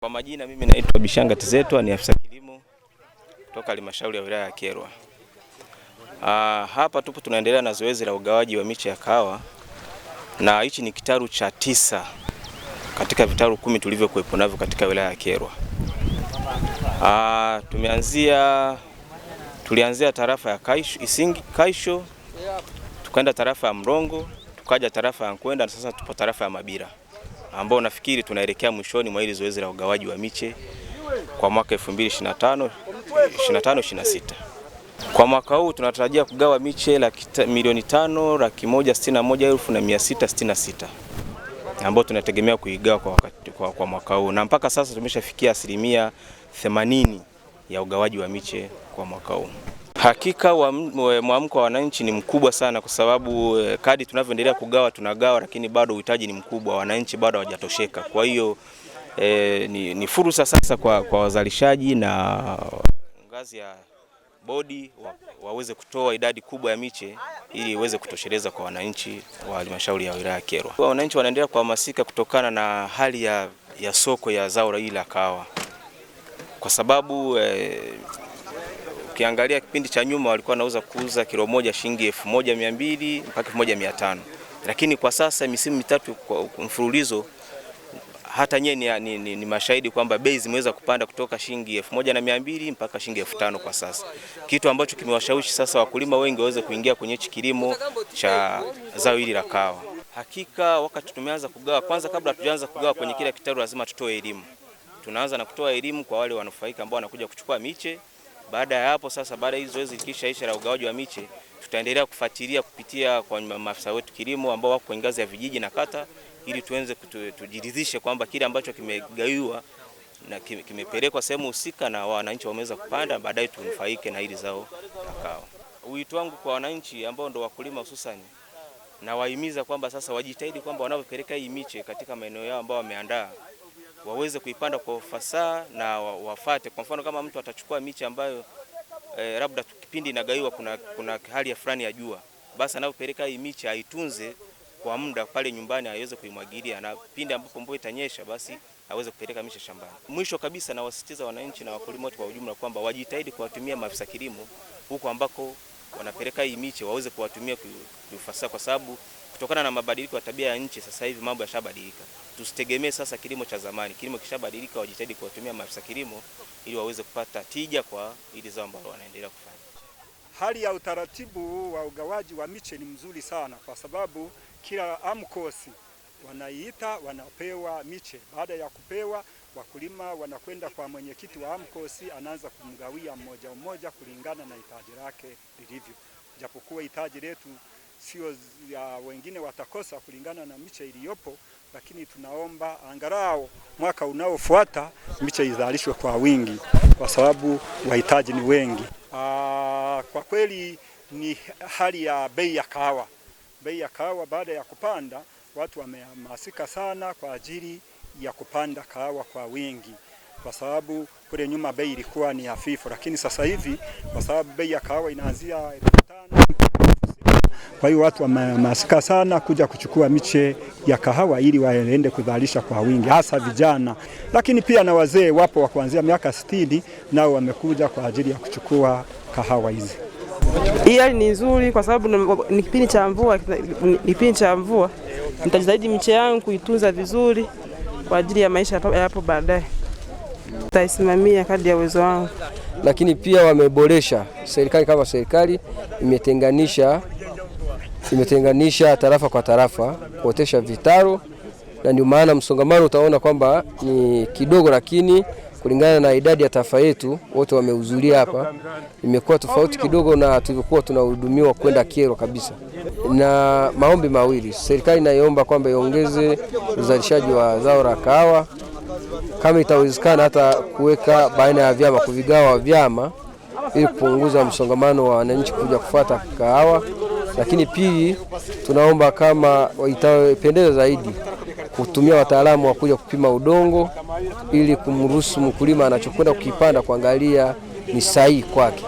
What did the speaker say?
Kwa majina mimi naitwa Bishanga Tizetwa, ni afisa kilimo kutoka halmashauri ya wilaya ya Kyerwa. Ah, hapa tupo tunaendelea na zoezi la ugawaji wa miche ya kahawa na hichi ni kitaru cha tisa katika vitaru kumi tulivyokuwepo navyo katika wilaya ya Kyerwa. Ah, tumeanzia tulianzia tarafa ya Kaisho, Isingi, Kaisho tukaenda tarafa ya Mrongo tukaja tarafa ya Nkwenda na sasa tupo tarafa ya Mabira ambao nafikiri tunaelekea mwishoni mwa hili zoezi la ugawaji wa miche kwa mwaka 2025 26. Kwa mwaka huu tunatarajia kugawa miche laki, milioni tano laki moja sitini na moja elfu na mia sita sitini na sita tunategemea kuigawa kwa, kwa, kwa mwaka huu na mpaka sasa tumeshafikia asilimia 80 ya ugawaji wa miche kwa mwaka huu. Hakika mwamko wa wananchi ni mkubwa sana, kwa sababu eh, kadi tunavyoendelea kugawa tunagawa, lakini bado uhitaji ni mkubwa, wananchi bado hawajatosheka. Kwa hiyo e, ni, ni fursa sasa kwa, kwa wazalishaji na ngazi ya bodi wa, waweze kutoa idadi kubwa ya miche ili iweze kutosheleza kwa wananchi wa halmashauri ya wilaya Kyerwa. Wananchi wanaendelea kuhamasika kutokana na hali ya, ya soko ya zao hili la kahawa kwa sababu e, Ukiangalia kipindi cha nyuma walikuwa wanauza kuuza kilo moja shilingi elfu moja mia mbili mpaka elfu moja mia tano lakini kwa sasa misimu mitatu kwa mfululizo hata nyewe ni, ni, ni, ni mashahidi kwamba bei zimeweza kupanda kutoka shilingi elfu moja na mia mbili mpaka shilingi elfu tano kwa sasa, kitu ambacho kimewashawishi sasa wakulima wengi waweze kuingia kwenye hichi kilimo cha zao hili la kahawa. Hakika wakati tumeanza kugawa, kwanza kabla hatujaanza kugawa kwenye kila kitalu lazima tutoe elimu. Tunaanza na kutoa elimu kwa wale wanufaika ambao wanakuja kuchukua miche baada ya hapo sasa, baada ya hizo zoezi likishaisha la ugawaji wa miche, tutaendelea kufuatilia kupitia kwa maafisa wetu kilimo ambao wako kwenye ngazi ya vijiji na kata, ili tuenze tujiridhishe kwamba kile ambacho kimegawiwa na kimepelekwa sehemu husika na wananchi wameweza kupanda, baadaye tunufaike na hili zao la kahawa. Wito wangu kwa wananchi ambao ndo wakulima hususani, na wahimiza kwamba sasa wajitahidi kwamba wanavyopeleka hii miche katika maeneo yao ambao wameandaa waweze kuipanda kwa ufasaha na wafate. Kwa mfano kama mtu atachukua miche ambayo eh, labda kipindi inagaiwa kuna, kuna hali ya fulani ya jua, basi anapopeleka hii miche aitunze kwa muda pale nyumbani aweze kuimwagilia, na pindi ambapo mvua itanyesha basi aweze kupeleka miche shambani. Mwisho kabisa, nawasisitiza wananchi na wakulima wote kwa ujumla kwamba wajitahidi kuwatumia maafisa kilimo huko ambako wanapeleka hii miche waweze kuwatumia kiufasaha, kwa sababu kutokana na mabadiliko ya tabia ya nchi. Sasa hivi mambo yashabadilika, tusitegemee sasa kilimo cha zamani. Kilimo kishabadilika, wajitahidi kuwatumia maafisa kilimo ili waweze kupata tija kwa ili zao ambalo wanaendelea kufanya. Hali ya utaratibu wa ugawaji wa miche ni mzuri sana, kwa sababu kila amkosi wanaiita wanapewa miche. Baada ya kupewa, wakulima wanakwenda kwa mwenyekiti wa amkosi, anaanza kumgawia mmoja mmoja kulingana na hitaji lake lilivyo, japokuwa hitaji letu sio ya wengine watakosa kulingana na miche iliyopo, lakini tunaomba angalau mwaka unaofuata miche izalishwe kwa wingi, kwa sababu wahitaji ni wengi. Aa, kwa kweli ni hali ya bei ya kahawa. Bei ya kahawa baada ya kupanda, watu wamehamasika sana kwa ajili ya kupanda kahawa kwa wingi, kwa sababu kule nyuma bei ilikuwa ni hafifu, lakini sasa hivi kwa sababu bei ya kahawa inaanzia kwa hiyo watu wamehamasika sana kuja kuchukua miche ya kahawa ili waende kudhalisha kwa wingi, hasa vijana, lakini pia na wazee wapo wa kuanzia miaka 60 nao wamekuja kwa ajili ya kuchukua kahawa hizi. Hii hali ni nzuri kwa sababu ni kipindi cha mvua, ni kipindi cha mvua. Nitajitahidi miche yangu kuitunza vizuri kwa ajili ya maisha hapo baadaye, nitaisimamia kadri ya uwezo wangu. Lakini pia wameboresha, serikali kama serikali imetenganisha imetenganisha tarafa kwa tarafa kuotesha vitaru, na ndio maana msongamano utaona kwamba ni kidogo, lakini kulingana na idadi ya tarafa yetu wote wamehudhuria hapa, imekuwa tofauti kidogo na tulivyokuwa tunahudumiwa kwenda kero kabisa. Na maombi mawili, serikali inaiomba kwamba iongeze uzalishaji wa zao la kahawa, kama itawezekana hata kuweka baina ya vyama, kuvigawa vyama, ili kupunguza msongamano wa wananchi kuja kufuata kahawa lakini pili, tunaomba kama itapendeza zaidi kutumia wataalamu wa kuja kupima udongo ili kumruhusu mkulima anachokwenda kukipanda kuangalia ni sahihi kwake.